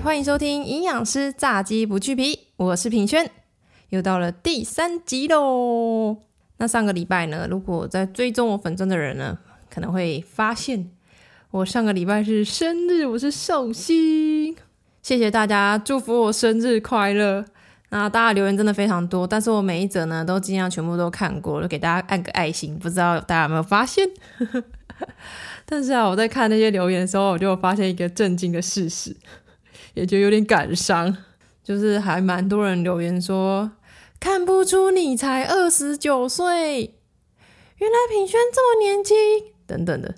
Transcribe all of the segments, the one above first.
歡迎收聽營養師炸雞不去皮，我是品軒，又到了第三集嘍。那上個禮拜呢，如果在追蹤我粉專的人呢，可能會發現我上個禮拜是生日，我是壽星，謝謝大家祝福我生日快樂。那大家留言真的非常多，但是我每一則呢，都盡量全部都看過，都給大家按個愛心。不知道大家有沒有發現？ 但是啊，我在看那些留言的時候，我就發現一個震驚的事實。也就有點感傷，就是還蠻多人留言說，看不出你才二十九歲，原來品軒這麼年輕，等等的。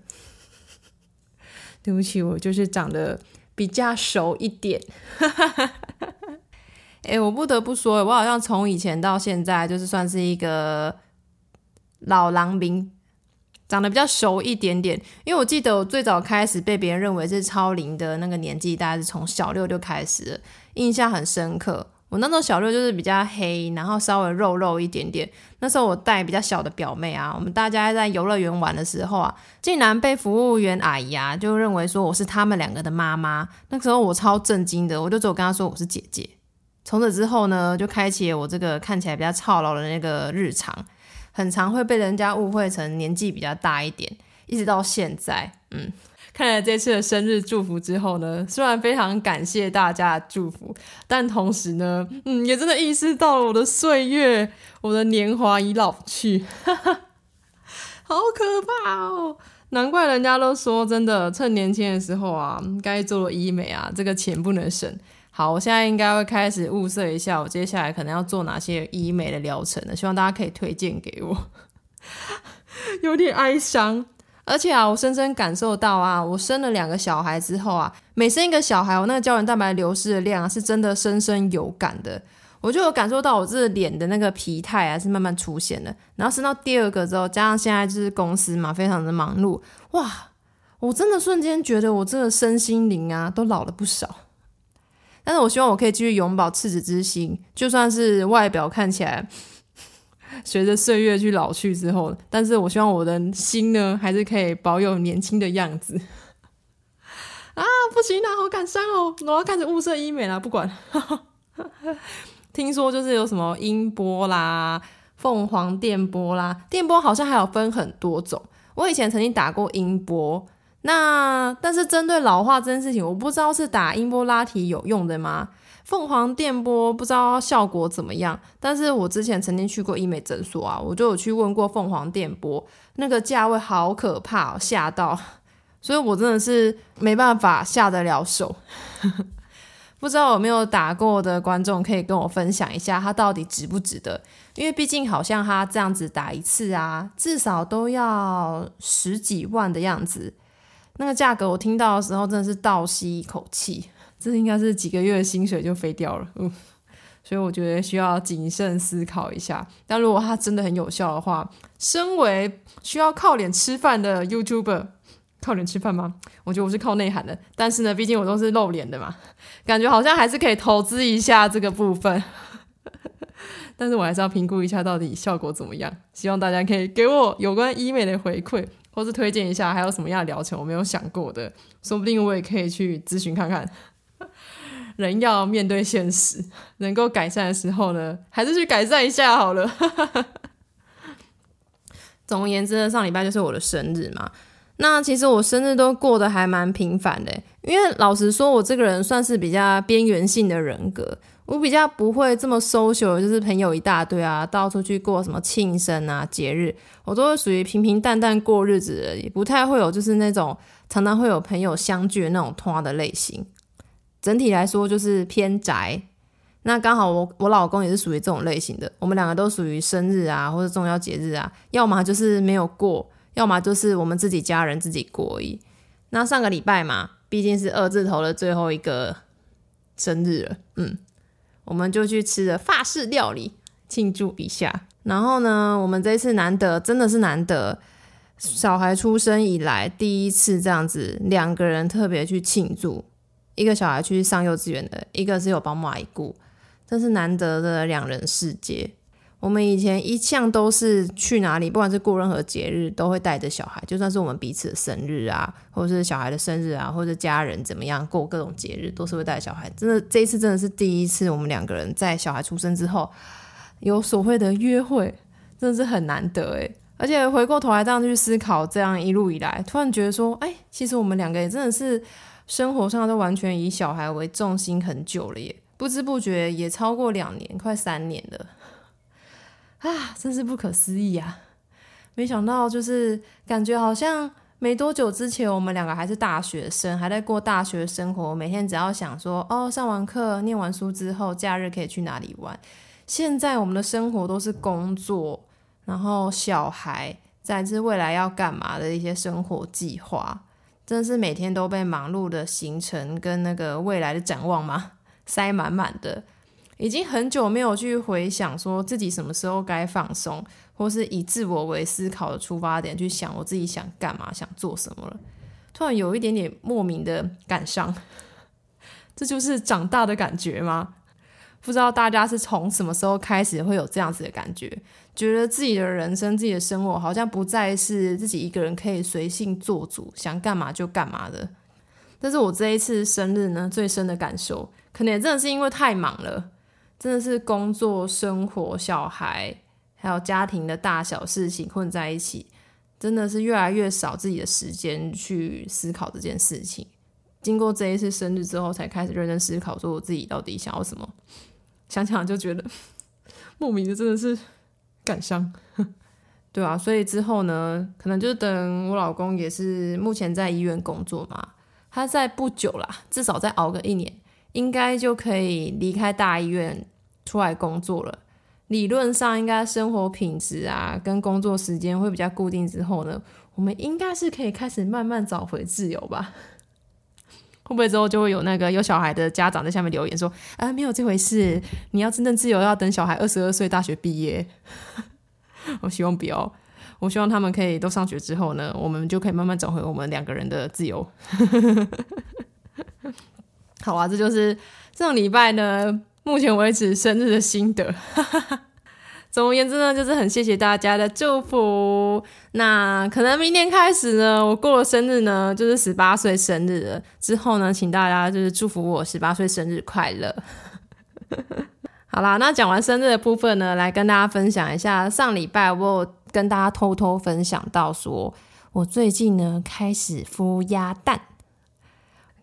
對不起，我就是長得比較熟一點。哎、 欸，我不得不說，我好像從以前到現在，就是算是一個老狼民。長得比較熟一點點，因為我記得我最早開始被別人認為是超齡的那個年紀，大概是從小六就開始了，印象很深刻。我那時候小六就是比較黑，然後稍微肉肉一點點。那時候我帶比較小的表妹啊，我們大家在遊樂園玩的時候啊，竟然被服務員阿姨啊就認為說我是他們兩個的媽媽。那時候我超震驚的，我就只有跟她說我是姐姐。從此之後呢，就開啟了我這個看起來比較操勞的那個日常。很常會被人家誤會成年紀比較大一點，一直到現在，嗯，看了這次的生日祝福之後呢，雖然非常感謝大家的祝福，但同時呢，嗯，也真的意識到了我的歲月，我的年華已老去，哈哈，好可怕哦！難怪人家都說，真的趁年輕的時候啊，該做醫美啊，這個錢不能省。好，我現在應該會開始物色一下，我接下來可能要做哪些醫美的療程呢？希望大家可以推薦給我。 有點哀傷，而且啊，我深深感受到啊，我生了兩個小孩之後啊，每生一個小孩，我那個膠原蛋白流失的量啊，是真的深深有感的。我就有感受到我這臉的那個疲態啊，是慢慢出現的。然後生到第二個之後，加上現在就是公司嘛，非常的忙碌，哇，我真的瞬間覺得我這個身心靈啊，都老了不少。但是我希望我可以繼續永葆赤子之心，就算是外表看起來隨着歲月去老去之後，但是我希望我的心呢，還是可以保有年輕的樣子。啊，不行了、啊，好感傷哦！我要開始物色醫美了、啊。不管， 聽說就是有什麼音波啦、鳳凰電波啦，電波好像還有分很多種。我以前曾經打過音波。那但是針對老化這件事情，我不知道是打音波拉提有用的嗎？鳳凰電波不知道效果怎麼樣。但是我之前曾經去過醫美診所啊，我就有去問過鳳凰電波，那個價位好可怕哦，嚇到，所以我真的是沒辦法下得了手。 不知道有沒有打過的觀眾可以跟我分享一下，它到底值不值得？因為畢竟好像它這樣子打一次啊，至少都要十幾萬的樣子。那個價格，我聽到的時候真的是倒吸一口氣，這應該是幾個月的薪水就飛掉了，嗯，所以我覺得需要謹慎思考一下。但如果它真的很有效的話，身為需要靠臉吃飯的 YouTuber，靠臉吃飯嗎？我覺得我是靠內涵的，但是呢，畢竟我都是露臉的嘛，感覺好像還是可以投資一下這個部分， 但是我還是要評估一下到底效果怎麼樣。希望大家可以給我有關醫美的回饋。或是推薦一下，還有什麼樣的療程我沒有想過的，說不定我也可以去諮詢看看。人要面對現實，能夠改善的時候呢，還是去改善一下好了。 總而言之呢，上禮拜就是我的生日嘛。那其實我生日都過得還蠻平凡的，因為老實說，我這個人算是比較邊緣性的人格。我比較不會這麼 social，就是朋友一大堆啊，到處去過什麼慶生啊、節日，我都是屬於平平淡淡過日子而已，不太會有就是那種常常會有朋友相聚的那種拖的類型。整體來說就是偏宅。那剛好我我老公也是屬於這種類型的，我們兩個都屬於生日啊或者重要節日啊，要麼就是沒有過，要麼就是我們自己家人自己過而已。那上個禮拜嘛，畢竟是二字頭的最後一個生日了，嗯。我們就去吃了法式料理慶祝一下，然後呢，我們這次難得，真的是難得，小孩出生以來、嗯、第一次這樣子，兩個人特別去慶祝，一個小孩去上幼稚園的，一個是有保姆阿姨顧，真是難得的兩人世界。我們以前一向都是去哪裡，不管是過任何節日，都會帶着小孩。就算是我們彼此的生日啊，或者是小孩的生日啊，或者家人怎麼樣過各種節日，都是會帶小孩。真的，這一次真的是第一次，我們兩個人在小孩出生之後有所謂的約會，真的是很難得哎。而且回過頭來這樣去思考，這樣一路以來，突然覺得說，哎、欸，其實我們兩個也真的是生活上都完全以小孩為重心很久了耶，也不知不覺也超過兩年，快三年了。啊，真是不可思議啊！沒想到，就是感覺好像沒多久之前，我們兩個還是大學生，還在過大學生活，每天只要想說，哦，上完課、念完書之後，假日可以去哪裡玩。現在我們的生活都是工作，然後小孩，乃至未來要幹嘛的一些生活計劃，真是每天都被忙碌的行程跟那個未來的展望嘛，塞滿滿的。已經很久沒有去回想說自己什麼時候該放鬆，或是以自我為思考的出發點去想我自己想幹嘛、想做什麼了。突然有一點點莫名的感傷，這就是長大的感覺嗎？不知道大家是從什麼時候開始會有這樣子的感覺，覺得自己的人生、自己的生活好像不再是自己一個人可以隨性做主，想幹嘛就幹嘛的。但是我這一次生日呢，最深的感受，可能也真的是因為太忙了。真的是工作、生活、小孩，還有家庭的大小事情混在一起，真的是越來越少自己的時間去思考這件事情。經過這一次生日之後，才開始認真思考，說我自己到底想要什麼。想想就覺得莫名的，真的是感傷， 對啊，所以之後呢，可能就等我老公，也是目前在醫院工作嘛，他在不久啦，至少再熬個一年。應該就可以離開大醫院出來工作了。理論上，應該生活品質啊，跟工作時間會比較固定。之後呢，我們應該是可以開始慢慢找回自由吧？會不會之後就會有那個有小孩的家長在下面留言說：“啊，沒有這回事！你要真正自由，要等小孩二十二歲大學畢業。 ”我希望不要。我希望他們可以都上學之後呢，我們就可以慢慢找回我們兩個人的自由。 好啊，這就是這種禮拜呢，目前為止生日的心得。 總而言之呢，就是很謝謝大家的祝福。那可能明年開始呢，我過了生日呢，就是十八歲生日了。之後呢，請大家就是祝福我十八歲生日快樂。 好啦，那講完生日的部分呢，來跟大家分享一下上禮拜我有跟大家偷偷分享到說，我最近呢開始孵鴨蛋。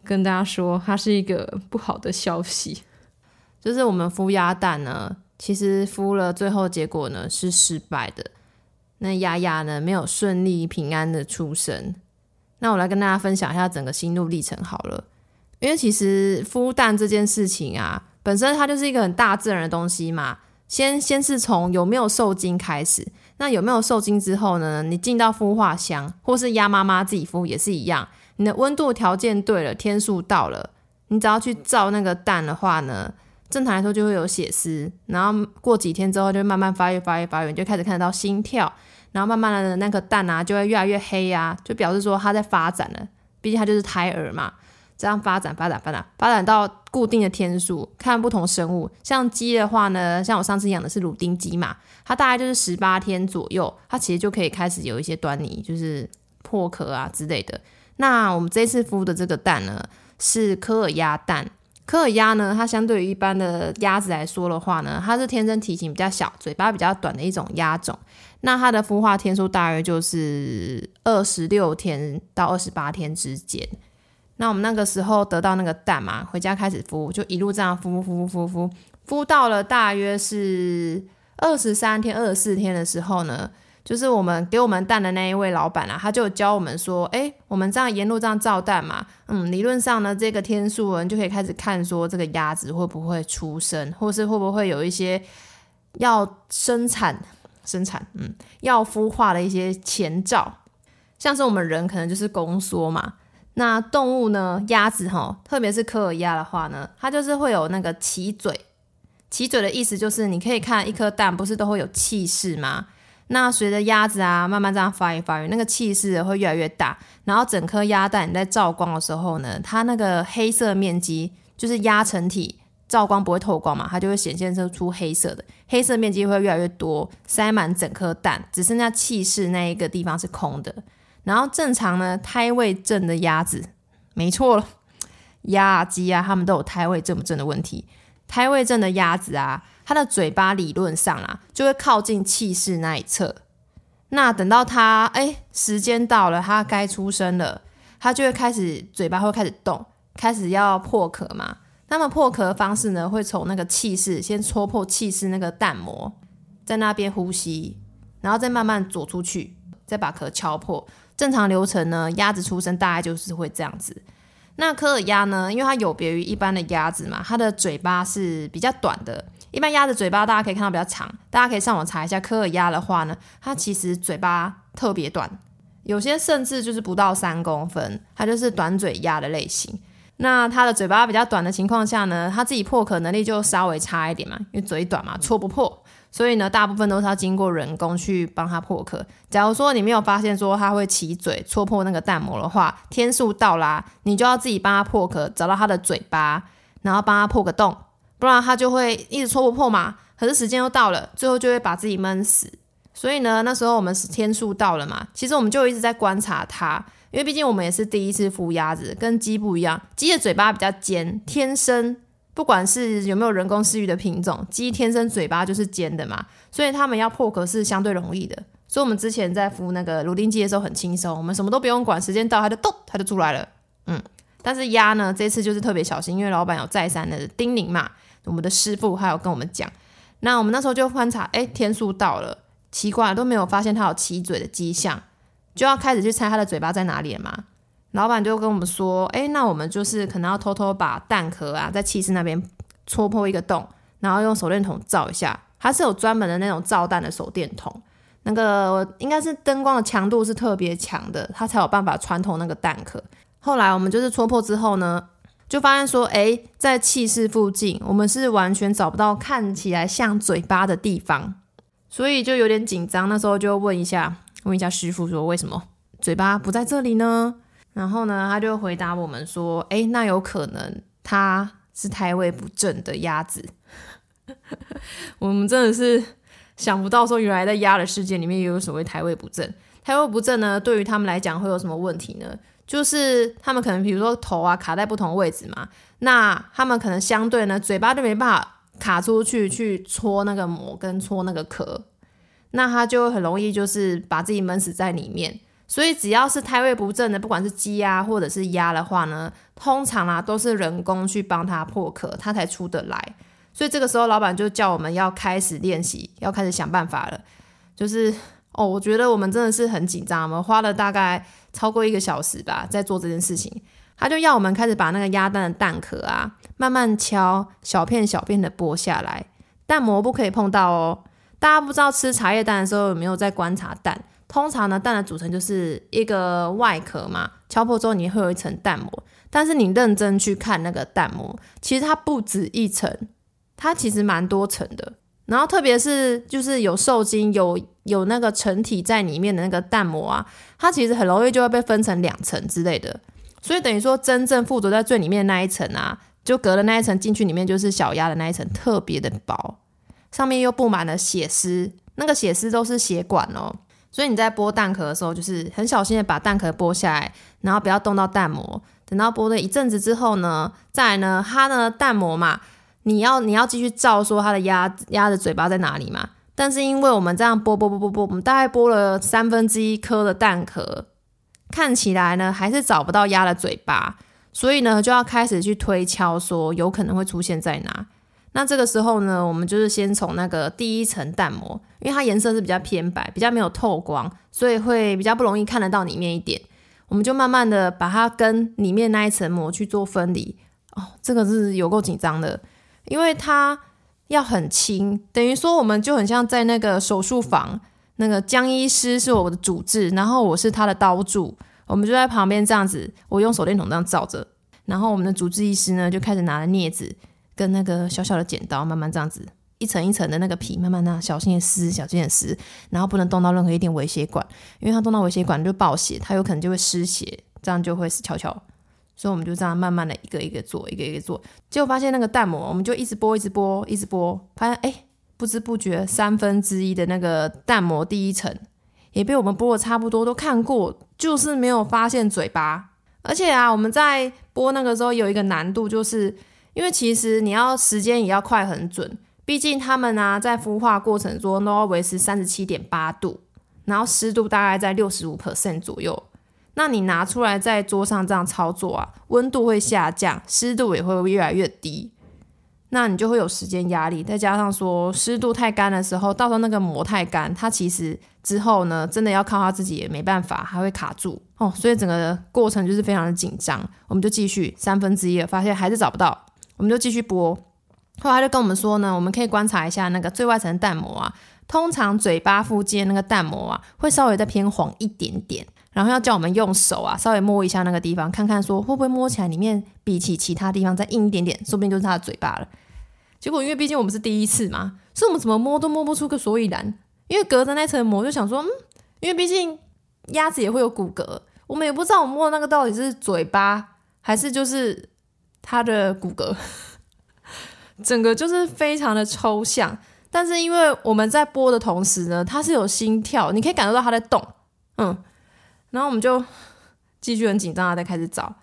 跟大家說，它是一個不好的消息，就是我們孵鴨蛋呢，其實孵了，最後結果呢是失敗的。那鴨鴨呢沒有順利平安的出生。那我來跟大家分享一下整個心路歷程好了，因為其實孵蛋這件事情啊，本身它就是一個很大自然的東西嘛。先先是從有沒有受精開始，那有沒有受精之後呢，你進到孵化箱，或是鴨媽媽自己孵也是一樣。你的溫度的條件對了，天數到了，你只要去照那個蛋的話呢，正常來說就會有血絲，然後過幾天之後就慢慢發育、發育、發育，你就開始看得到心跳，然後慢慢的那顆蛋啊就會越來越黑呀、啊，就表示說它在發展了，畢竟它就是胎兒嘛。這樣發展、發展、發展、發展到固定的天數，看不同生物，像雞的話呢，像我上次養的是蘆丁雞嘛，它大概就是十八天左右，它其實就可以開始有一些端倪，就是破殼啊之類的。那我們這次孵的這個蛋呢，是柯爾鴨蛋。柯爾鴨呢，它相對於一般的鴨子來說的話呢，它是天生體型比較小、嘴巴比較短的一種鴨種。那它的孵化天數大約就是二十六天到二十八天之間。那我們那個時候得到那個蛋嘛，回家開始孵，就一路這樣孵、孵、孵、孵、孵，孵到了大約是二十三天、二十四天的時候呢。就是我們給我們蛋的那一位老闆啊，他就教我們說，哎，我們這樣沿路這樣照蛋嘛，嗯，理論上呢，這個天數人就可以開始看說這個鴨子會不會出生，或是會不會有一些要生產、生產，嗯，要孵化的一些前兆，像是我們人可能就是宮縮嘛，那動物呢，鴨子吼，特別是科爾鴨的話呢，它就是會有那個起嘴，起嘴的意思就是你可以看一顆蛋，不是都會有氣室嗎？那隨着鴨子啊慢慢這樣發育發育，那個氣室會越來越大。然後整顆鴨蛋你在照光的時候呢，它那個黑色面積就是鴨成體照光不會透光嘛，它就會顯現出出黑色的，黑色面積會越來越多，塞滿整顆蛋，只剩下氣室那一個地方是空的。然後正常呢，胎位正的鴨子沒錯了，鴨啊雞啊，它們都有胎位正不正的問題。胎位正的鴨子啊。它的嘴巴理論上啊，就會靠近氣室那一側。那等到它哎時間到了，它該出生了，它就會開始嘴巴會開始動，開始要破殼嘛。那麼破殼的方式呢，會從那個氣室先戳破氣室那個蛋膜，在那邊呼吸，然後再慢慢走出去，再把殼敲破。正常流程呢，鴨子出生大概就是會這樣子。那柯爾鴨呢，因為它有別於一般的鴨子嘛，它的嘴巴是比較短的。一般鴨子嘴巴大家可以看到比較長，大家可以上網查一下。柯爾鴨的話呢，它其實嘴巴特別短，有些甚至就是不到三公分，它就是短嘴鴨的類型。那它的嘴巴比較短的情況下呢，它自己破殼能力就稍微差一點嘛，因為嘴短嘛，戳不破。所以呢，大部分都是要經過人工去幫它破殼。假如說你沒有發現說它會起嘴戳破那個蛋膜的話，天數到啦，你就要自己幫它破殼，找到它的嘴巴，然後幫它破個洞。不然它就會一直戳不破嘛。可是時間又到了，最後就會把自己悶死。所以呢，那時候我們是天數到了嘛。其實我們就一直在觀察它，因為畢竟我們也是第一次孵鴨子，跟雞不一樣。雞的嘴巴比較尖，天生，不管是有沒有人工飼育的品種，雞天生嘴巴就是尖的嘛。所以它們要破殼是相對容易的。所以我們之前在孵那個蘆丁雞的時候很輕鬆，我們什麼都不用管，時間到它就咚，它就出來了。嗯，但是鴨呢，這次就是特別小心，因為老闆有再三的叮嚀嘛。我們的師傅還有跟我們講，那我們那時候就觀察，哎、欸，天數到了，奇怪都沒有發現它有起嘴的跡象，就要開始去猜它的嘴巴在哪裡了嘛。老闆就跟我們說，哎、欸，那我們就是可能要偷偷把蛋殼啊，在氣室那邊戳破一個洞，然後用手電筒照一下，它是有專門的那種照蛋的手電筒，那個應該是燈光的強度是特別強的，它才有辦法穿透那個蛋殼。後來我們就是戳破之後呢。就發現說，哎，在氣室附近，我們是完全找不到看起來像嘴巴的地方，所以就有點緊張。那時候就問一下，問一下師傅說，為什麼嘴巴不在這裡呢？然後呢，他就回答我們說，哎，那有可能他是胎位不正的鴨子。 我們真的是想不到說，原來在鴨的世界裡面也有所謂胎位不正。胎位不正呢，對於他們來講會有什麼問題呢？就是他們可能，比如說頭啊卡在不同位置嘛，那他們可能相對呢，嘴巴都沒辦法卡出去去戳那個膜跟戳那個殼，那他就很容易就是把自己悶死在裡面。所以只要是胎位不正的，不管是雞啊或者是鴨的話呢，通常啊都是人工去幫他破殼，他才出得來。所以這個時候，老闆就叫我們要開始練習，要開始想辦法了，就是。哦，我覺得我們真的是很緊張，我們花了大概超過一個小時吧，在做這件事情。他就要我們開始把那個鴨蛋的蛋殼啊，慢慢敲，小片小片的剝下來，蛋膜不可以碰到哦。大家不知道吃茶葉蛋的時候有沒有在觀察蛋？通常呢，蛋的組成就是一個外殼嘛，敲破之後你會有一層蛋膜，但是你認真去看那個蛋膜，其實它不止一層，它其實蠻多層的。然後特別是就是有受精有有那個成體在裡面的那個蛋膜啊，它其實很容易就會被分成兩層之類的。所以等於說，真正附着在最裡面的那一層啊，就隔了那一層進去裡面就是小鴨的那一層特別的薄，上面又布滿了血絲，那個血絲都是血管哦。所以你在剝蛋殼的時候，就是很小心的把蛋殼剝下來，然後不要動到蛋膜。等到剝了一陣子之後呢，再來呢它的蛋膜嘛。你要你要繼續照說它的鴨鴨的嘴巴在哪裡嘛？但是因為我們這樣剝剝剝剝剝，我們大概剝了三分之一顆的蛋殼，看起來呢還是找不到鴨的嘴巴，所以呢就要開始去推敲說有可能會出現在哪。那這個時候呢，我們就是先從那個第一層蛋膜，因為它顏色是比較偏白，比較沒有透光，所以會比較不容易看得到裡面一點。我們就慢慢的把它跟裡面那一層膜去做分離。哦，這個是有夠緊張的。因為他要很輕，等於說我們就很像在那個手術房，那個江醫師是我的主治，然後我是他的刀助，我們就在旁邊這樣子，我用手電筒這樣照着，然後我們的主治醫師呢就開始拿了鑷子跟那個小小的剪刀，慢慢這樣子一層一層的那個皮，慢慢那小心的撕，小心的撕，然後不能動到任何一點微血管，因為他動到微血管就爆血，他有可能就會失血，這樣就會死翹翹。所以我們就這樣慢慢的一個一個做，一個一個做，結果發現那個蛋膜，我們就一直剝，一直剝，一直剝，發現哎，不知不覺三分之一的那個蛋膜第一層也被我們剝的差不多都看過，就是沒有發現嘴巴。而且啊，我們在剝那個時候有一個難度，就是因為其實你要時間也要快很準，畢竟他們啊在孵化過程中都要維持三十七點八度，然後濕度大概在六十五 percent 左右。那你拿出來在桌上這樣操作啊，溫度會下降，濕度也會越來越低，那你就會有時間壓力，再加上說濕度太乾的時候，到時候那個膜太乾，它其實之後呢，真的要靠它自己也沒辦法，還會卡住哦，所以整個過程就是非常的緊張。我們就繼續三分之一了，發現還是找不到，我們就繼續播。後來他就跟我們說呢，我們可以觀察一下那個最外層的蛋膜啊，通常嘴巴附近那個蛋膜啊，會稍微再偏黃一點點。然後要叫我們用手啊，稍微摸一下那個地方，看看說會不會摸起來裡面比起其他地方再硬一點點，說不定就是它的嘴巴了。結果因為畢竟我們是第一次嘛，所以我們怎麼摸都摸不出個所以然，因為隔着那層膜就想說，嗯，因為畢竟鴨子也會有骨骼，我們也不知道我們摸的那個到底是嘴巴還是就是它的骨骼，整個就是非常的抽象。但是因為我們在摸的同時呢，它是有心跳，你可以感受到它在動，嗯。然後我們就繼續很緊張啊，再開始找，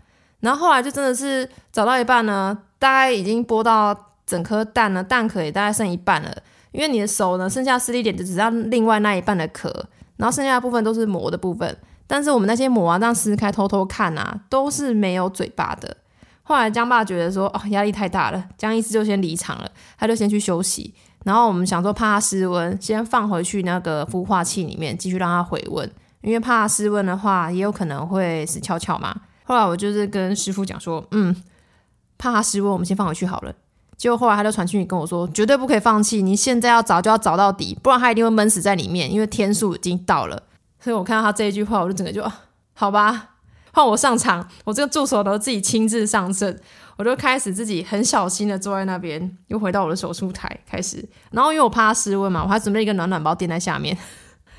然後後來就真的是找到一半呢，大概已經剝到整顆蛋了，蛋殼也大概剩一半了。因為你的手呢，剩下施力點就只要另外那一半的殼，然後剩下的部分都是膜的部分。但是我們那些膜啊，這樣撕開偷偷看啊，都是沒有嘴巴的。後來江爸覺得說，哦，壓力太大了，江醫師就先離場了，他就先去休息。然後我們想說怕他失溫，先放回去那個孵化器裡面，繼續讓他回溫。因為怕失溫的話，也有可能會死翹翹嘛。後來我就是跟師傅講說，嗯，怕他失溫，我們先放回去好了。結果後來他就傳訊息跟我說，絕對不可以放棄，你現在要找就要找到底，不然他一定會悶死在裡面。因為天數已經到了，嗯、所以我看到他這一句話，我就整個就，好吧，換我上場，我這個助手都自己親自上陣，我就開始自己很小心的坐在那邊，又回到我的手術台開始。然後因為我怕他失溫嘛，我還準備一個暖暖包墊在下面。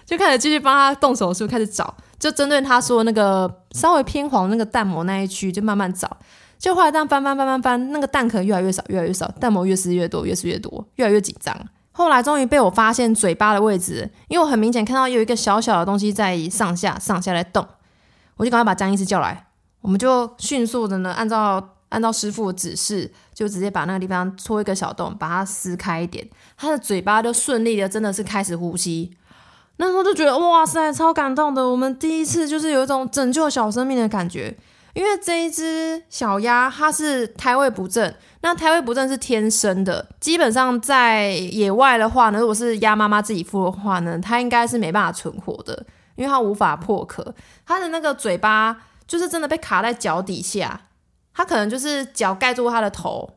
就開始繼續幫他動手術，開始找，就針對他說那個稍微偏黃那個蛋膜那一區，就慢慢找。就後來這樣翻翻翻翻翻，那個蛋殼越來越少，越來越少，蛋膜越撕越多，越撕越多，越來越緊張。後來終於被我發現嘴巴的位置，因為我很明顯看到有一個小小的東西在上下上下在動，我就趕快把張醫師叫來，我們就迅速的呢按照按照師傅的指示，就直接把那個地方戳一個小洞，把它撕開一點，他的嘴巴就順利的真的是開始呼吸。那時候就覺得哇塞，超感動的。我們第一次就是有一種拯救小生命的感覺，因為這一只小鴨它是胎位不正，那胎位不正是天生的。基本上在野外的話呢，如果是鴨媽媽自己孵的話呢，它應該是沒辦法存活的，因為它無法破殼。它的那個嘴巴就是真的被卡在腳底下，它可能就是腳蓋住它的頭，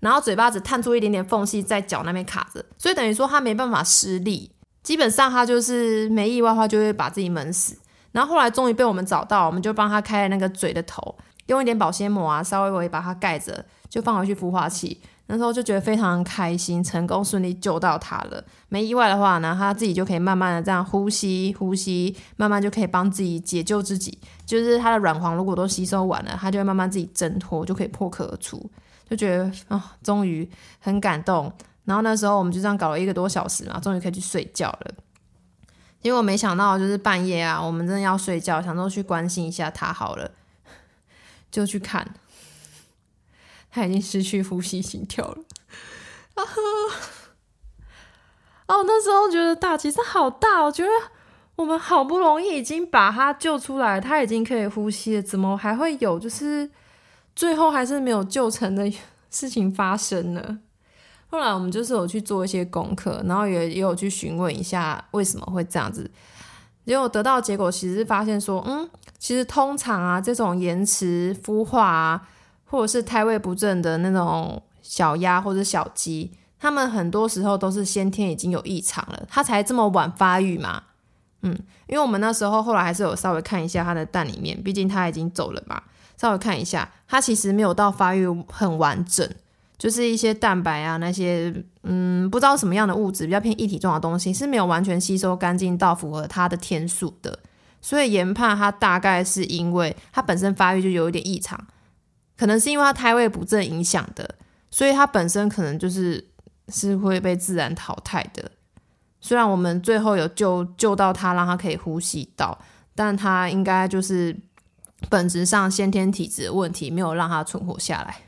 然後嘴巴只探出一點點縫隙在腳那邊卡着，所以等於說它沒辦法施力。基本上他就是沒意外的話，就會把自己悶死。然後後來終於被我們找到，我們就幫他開了那個嘴的頭，用一點保鮮膜啊，稍微我也把它蓋着，就放回去孵化器。那時候就覺得非常開心，成功順利救到他了。沒意外的話呢，他自己就可以慢慢的這樣呼吸呼吸，慢慢就可以幫自己解救自己。就是他的軟黃如果都吸收完了，他就會慢慢自己掙脫，就可以破殼而出。就覺得啊、哦，終於很感動。然後那時候我們就這樣搞了一個多小時嘛，終於可以去睡覺了。結果沒想到，就是半夜啊，我們真的要睡覺，想說去關心一下他好了，就去看，他已經失去呼吸心跳了。啊哈！哦，那時候覺得打擊真好大，我覺得我們好不容易已經把他救出來，他已經可以呼吸了，怎麼還會有就是最後還是沒有救成的事情發生呢？後來我們就是有去做一些功課，然後也也有去詢問一下為什麼會這樣子。結果得到結果，其實發現說，嗯，其實通常啊，這種延遲孵化啊，或者是胎位不正的那種小鴨或者小雞，它們很多時候都是先天已經有異常了，它才這麼晚發育嘛。嗯，因為我們那時候後來還是有稍微看一下它的蛋裡面，畢竟它已經走了嘛，稍微看一下，它其實沒有到發育很完整。就是一些蛋白啊，那些嗯，不知道什麼樣的物質，比較偏液體狀的東西，是沒有完全吸收乾淨到符合它的天數的。所以研判它大概是因為它本身發育就有一點異常，可能是因為它胎位不正影響的，所以它本身可能就是是會被自然淘汰的。雖然我們最後有救救到它，讓它可以呼吸到，但它應該就是本質上先天體質的問題，沒有讓它存活下來。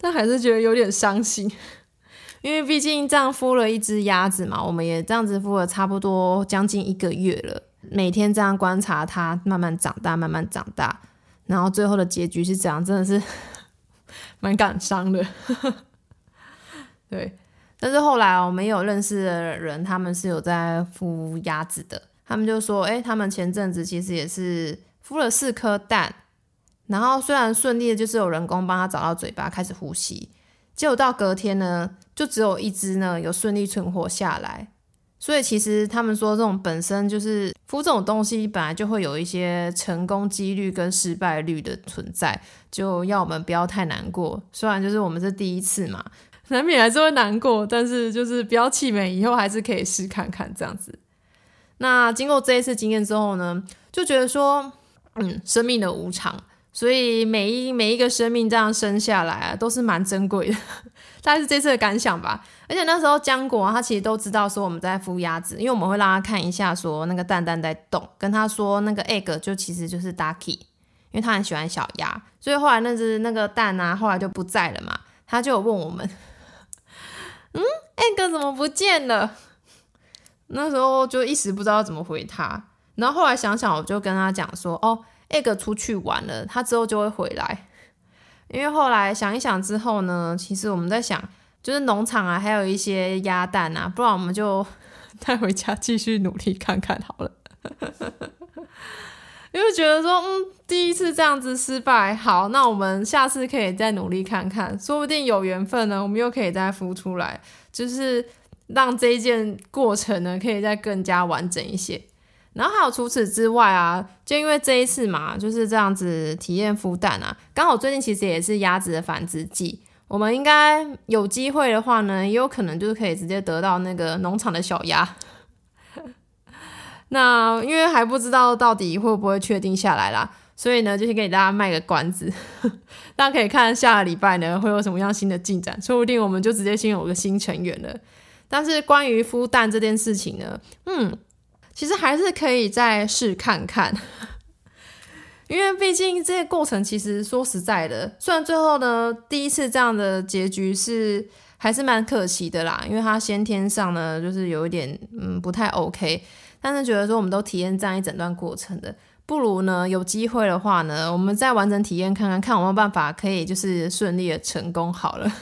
但還是覺得有點傷心，因為畢竟這樣孵了一隻鴨子嘛，我們也這樣子孵了差不多將近一個月了，每天這樣觀察它慢慢長大，慢慢長大，然後最後的結局是這樣，真的是蠻感傷的呵呵。對，但是後來哦，我們有認識的人，他們是有在孵鴨子的，他們就說，哎，他們前陣子其實也是孵了四顆蛋。然後雖然順利的，就是有人工幫他找到嘴巴開始呼吸，結果到隔天呢，就只有一隻呢有順利存活下來。所以其實他們說這種本身就是孵這種東西，本來就會有一些成功幾率跟失敗率的存在，就要我們不要太難過。雖然就是我們是第一次嘛，難免還是會難過，但是就是不要氣餒，以後還是可以試看看這樣子。那經過這一次經驗之後呢，就覺得說，嗯，生命的無常。所以每一每一個生命這樣生下來啊，都是蠻珍貴的，大概是這次的感想吧。而且那時候江果、啊、他其實都知道說我們在孵鴨子，因為我們會讓他看一下說那個蛋蛋在動，跟他說那個 egg 就其實就是 ducky，因為他很喜歡小鴨，所以後來那只那個蛋呢、啊，後來就不在了嘛，他就有問我們，嗯，egg 怎麼不見了？那時候就一時不知道怎麼回他，然後後來想想，我就跟他講說，哦。Egg 出去玩了，他之後就會回來。因為後來想一想之後呢，其實我們在想，就是農場啊，還有一些鴨蛋啊，不然我們就帶回家繼續努力看看好了。 因為覺得說，嗯，第一次這樣子失敗，好，那我們下次可以再努力看看，說不定有緣分呢，我們又可以再孵出來，就是讓這一件過程呢，可以再更加完整一些。然後還有除此之外啊，就因為這一次嘛，就是這樣子體驗孵蛋啊。剛好最近其實也是鴨子的繁殖季，我們應該有機會的話呢，也有可能就是可以直接得到那個農場的小鴨。 那因為還不知道到底會不會確定下來啦，所以呢，就先給大家賣個關子，大家可以看下個禮拜呢會有什麼樣新的進展，說不定我們就直接先有個新成員了。但是關於孵蛋這件事情呢，嗯。其實還是可以再試看看，因為畢竟這個過程，其實說實在的，雖然最後呢，第一次這樣的結局是還是蠻可惜的啦，因為它先天上呢就是有一點嗯不太 OK，但是覺得說我們都體驗這樣一整段過程的，不如呢有機會的話呢，我們再完整體驗看看，看有沒有辦法可以就是順利的成功好了，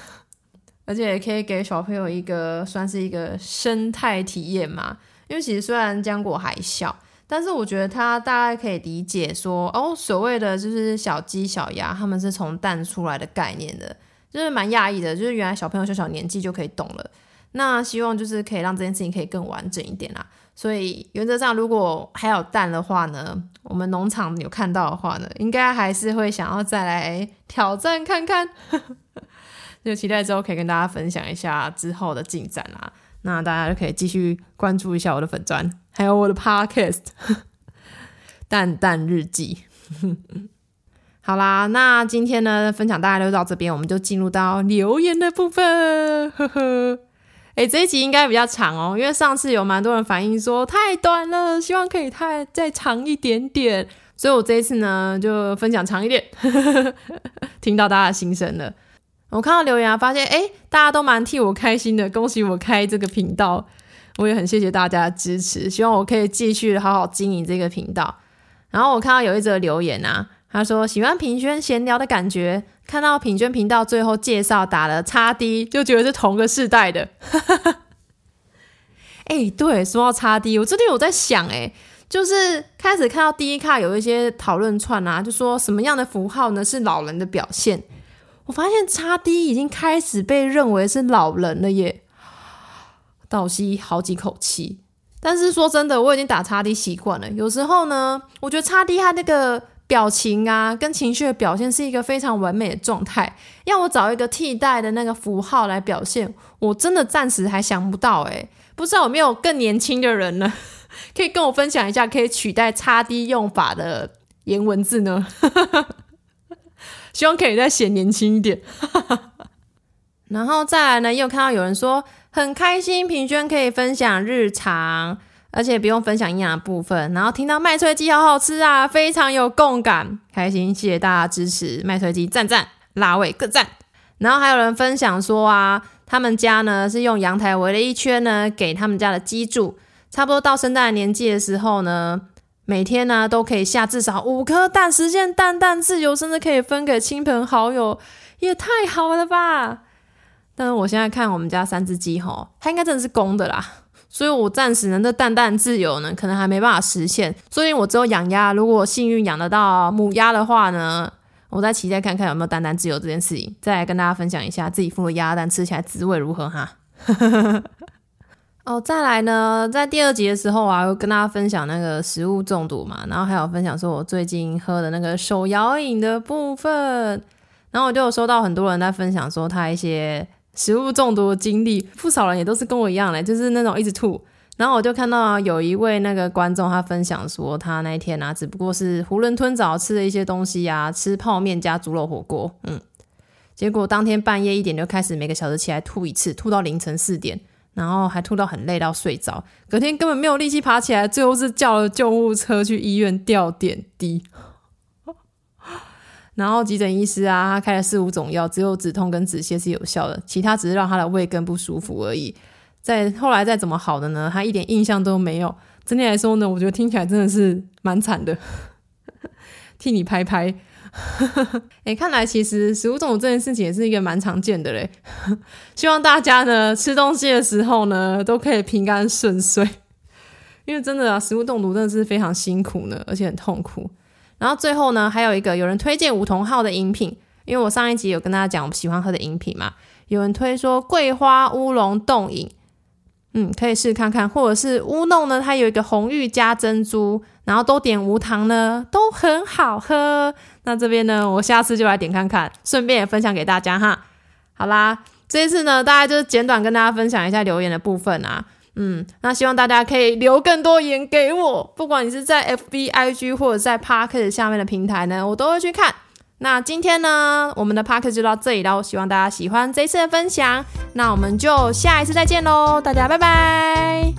而且也可以給小朋友一個算是一個生態體驗嘛。因為其實雖然漿果還小，但是我覺得他大概可以理解說，哦，所謂的就是小雞小鴨，它們是從蛋出來的概念的，就是蠻訝異的，就是原來小朋友小小年紀就可以懂了。那希望就是可以讓這件事情可以更完整一點啦。所以原則上，如果還有蛋的話呢，我們農場有看到的話呢，應該還是會想要再來挑戰看看。就 期待之後可以跟大家分享一下之後的進展啦。那大家就可以繼續關注一下我的粉專，還有我的 podcast《蛋蛋日記》呵呵。好啦，那今天呢，分享大概就到這邊，我們就進入到留言的部分。呵呵，哎、欸，這一集應該比較長哦、喔，因為上次有蠻多人反映說太短了，希望可以太再長一點點，所以我這一次呢就分享長一點，呵呵呵，聽到大家的心聲了。我看到留言啊，發現哎，大家都蠻替我開心的，恭喜我開這個頻道，我也很謝謝大家的支持，希望我可以繼續好好經營這個頻道。然後我看到有一則留言啊，他說喜歡平娟閒聊的感覺，看到平娟頻道最後介紹打了叉 D，就覺得是同個世代的。哈哈哈。哎，對，說到叉 D，我這裡我在想，哎，就是開始看到第一卡有一些討論串啊，就說什麼樣的符號呢是老人的表現？我發現叉 D 已經開始被認為是老人了耶，倒吸好幾口氣。但是說真的，我已經打叉 D 習慣了。有時候呢，我覺得叉 D 它那個表情啊，跟情緒的表現是一個非常完美的狀態。要我找一個替代的那個符號來表現，我真的暫時還想不到哎。不知道有沒有更年輕的人呢？ 可以跟我分享一下可以取代叉 D 用法的言文字呢？ 希望可以再顯年輕一點，然後再來呢，又看到有人說很開心，平娟可以分享日常，而且不用分享營養的部分。然後聽到麥脆雞好好吃啊，非常有共感，開心，謝謝大家支持麥脆雞，讚讚，辣味各讚。然後還有人分享說啊，他們家呢是用陽台圍了一圈呢，給他們家的雞住，差不多到生蛋的年紀的時候呢。每天呢都可以下至少五顆蛋，實現蛋蛋自由，甚至可以分給親朋好友，也太好了吧！但是我現在看我們家三隻雞吼，它應該真的是公的啦，所以我暫時呢這蛋蛋自由呢可能還沒辦法實現，所以，我只有養鴨。如果幸運養得到母鴨的話呢，我再期待看看有沒有蛋蛋自由這件事情，再來跟大家分享一下自己孵的鴨蛋吃起來滋味如何哈。 哦，再來呢，在第二集的時候，啊，我跟大家分享那個食物中毒嘛，然後還有分享說我最近喝的那個手搖飲的部分，然後我就有收到很多人在分享說他一些食物中毒的經歷，不少人也都是跟我一樣嘞，就是那種一直吐。然後我就看到有一位那個觀眾他分享說，他那一天呢、啊、只不過是囫圇吞棗吃了一些東西啊，吃泡麵加豬肉火鍋，嗯，結果當天半夜一點就開始每個小時起來吐一次，吐到凌晨四點。然後還吐到很累，到睡着，隔天根本沒有力氣爬起來，最後是叫了救護車去醫院吊點滴。然後急診醫師啊，他開了四五種藥，只有止痛跟止瀉是有效的，其他只是讓他的胃更不舒服而已。再後來再怎麼好的呢？他一點印象都沒有。整體來說呢，我覺得聽起來真的是蠻慘的， 替你拍拍。哎、 欸，看來其實食物中毒這件事情也是一個蠻常見的嘞。 希望大家呢吃東西的時候呢都可以平安順遂，因為真的啊，食物中毒真的是非常辛苦呢，而且很痛苦。然後最後呢，還有一個有人推薦梧桐號的飲品，因為我上一集有跟大家講我們喜歡喝的飲品嘛，有人推說桂花烏龍凍飲，嗯，可以試試看看，或者是烏弄呢，它有一個紅玉加珍珠。然後都點無糖呢，都很好喝。那這邊呢，我下次就來點看看，順便也分享給大家哈。好啦，這一次呢，大家就簡短跟大家分享一下留言的部分啊。嗯，那希望大家可以留更多言給我，不管你是在 FBIG 或者在 Podcast 下面的平台呢，我都會去看。那今天呢，我們的 Podcast 就到這裡了，我希望大家喜歡這一次的分享。那我們就下一次再見嘍，大家拜拜。